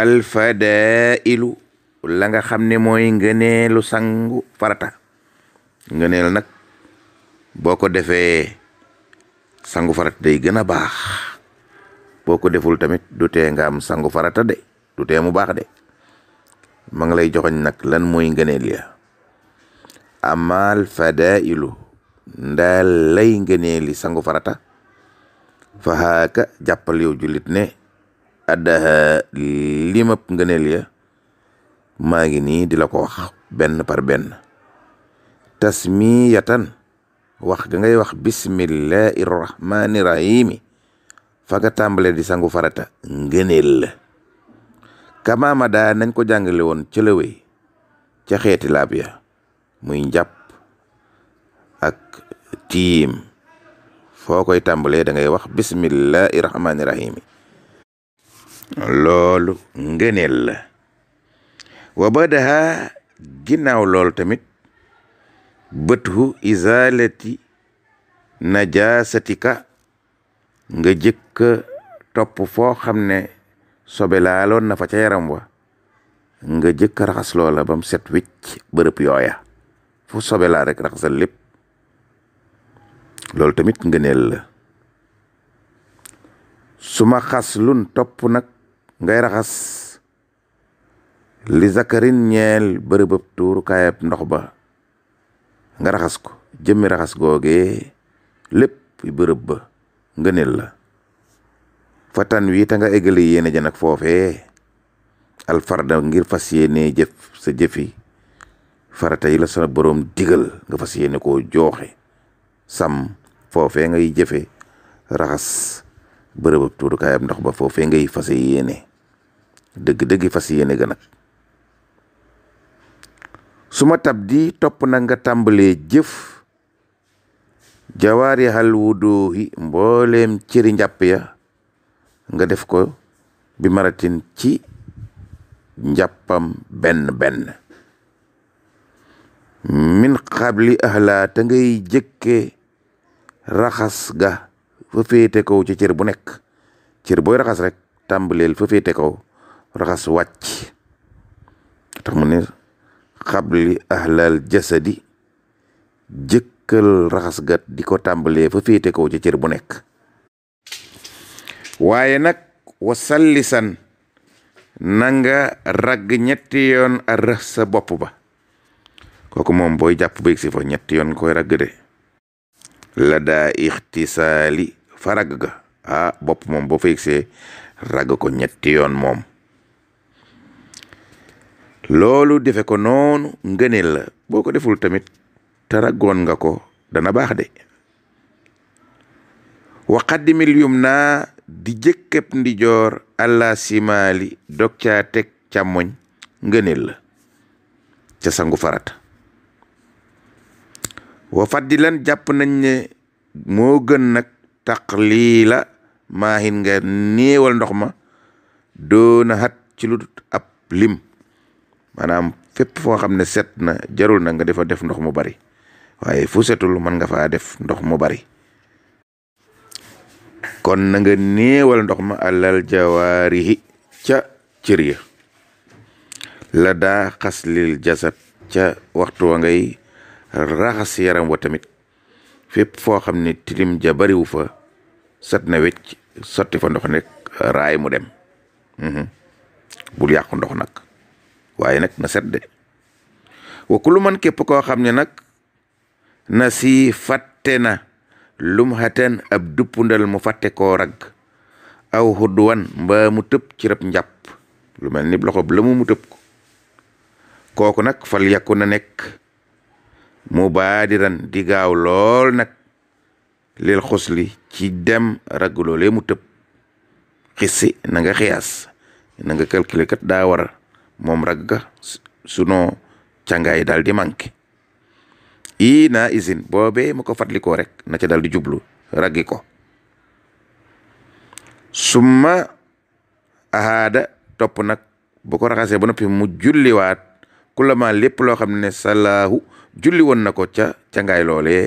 alfadailu la nga xam ne mooy ngëneelu sangu farata ngëneel nag boo ko defee sangu farata day gën a baax boo ko deful tamit du tee nga sangu farata de du tee mu baax de ma ngi lay joxoñ nag lan mooy ngëneel ya amal fadailu ndaa lay ngëneeli sangu farata fahaaka jàppal yow jullit ne addaha limab ngëneel ya maa ngi nii di la ko wax benn par benn tasmiyatan wax ga ngay wax bismillahi rahmani rahimi fa tàmbale di sangu farata ngëneel la daa nañ ko jàngale woon ca lëwéy xeeti laab ya muy njàpp ak tiim foo koy tàmbalee da ngay wax bismillahi rahmani rahimi loolu ngëneel la wa badaha ginnaaw loolu tamit bët bëtu izalati najasatika nga jëkka topp foo xam ne sobe laaloon na fa ca yaram wa nga jëkka raxas loola bam set wicc bërëb yooya fu sobe laa rek raxasal lépp loolu tamit ngëneel la suma xaslun topp nag ngay raxas li zakarin ñeel bërëbëb tuur kaayab ndox ba nga raxas ko jëmmi raxas googee lépp bërëb ba ngëneel la fatan wi ta nga égale yéene ja nag foofee alfarda ngir fas yéene jëf sa jëfi farata yi la sa boroom digal nga fas yéene ko jooxe sam foofee ngay jëfe raxas bërëbëb tuurukaayam ndox ba foofee ngay fase yéene dëgg-dëgg fas yéene ga nag su ma tab di topp na nga tàmbalee jëf jawaari xal wu doohi mbooleem cëri njàpp ya nga def ko bi maratin ci njàppam benn benn min xabli axlaa te ngay jëkkee raxas ga fa féete kaw ci cër bu nekk cër booy raxas rek tàmbaleel fa féete kaw raxas wàcc tax mu ne xabli ahlal jasadi jëkkal raxas gat di ko tàmbalee fa féete kaw ca cër bu nekk waaye nag wasallisan nanga ragg ñetti yoon a rëx bopp ba kooku moom booy jàpp ba yegsi fa ñetti yoon koy ragg de la daa ixtisaali fa ragg ga ah bopp moom boo fa yegsee ragg ko ñetti moom loolu defe ko noonu ngëneel la boo ko deful tamit taragoon nga ko dana baax de waxaddimil yum naa di jëkkëb ndijoor allah simaali dog caa teg càmmoñ ngëneel la ca sangu farat wa faddilan jàpp nañ ne moo gën nag taqliila maahin nga néewal ndox ma doona xat ci lu lim maanaam fépp foo xam ne set na jarul na nga defa def ndox mu bari waaye fu setul mën nga faa def ndox mu bari kon na nga néewal ndox ma alal jawaarihi ca cër ya la daa xaslil jasad ca waxtu wa ngay raxas yaram wa tamit fépp foo xam ne tilim jabariwu fa sat na wecc sotti fa ndox nekk raay mu dem mhm. bul yàqu ndox nag waaye nag na set de wa kullu man képp koo xam ne nag na si fàtte na lum xateen ab duppundal mu fàtte koo rag aw xudduwan mbaa mu tëpp ci rab njapp lu mel ni loxo bu mu tëb ko kooku nag fal yàkku na nekk mu baadiran di gaaw lool nag lil xusli ci dem rag loolee mu tëb xissi na nga xiyaas na nga calculer kat daa moom ragga suno càngaay daal di manqué ii naa isin boobe mu ko fàttalikoo rek na ca daal di jublu raggi ko summa ahaada topp nag bu ko raxasee ba noppi mu julliwaat kulama lépp loo xam ne salaahu julli woon na ko ca càngaay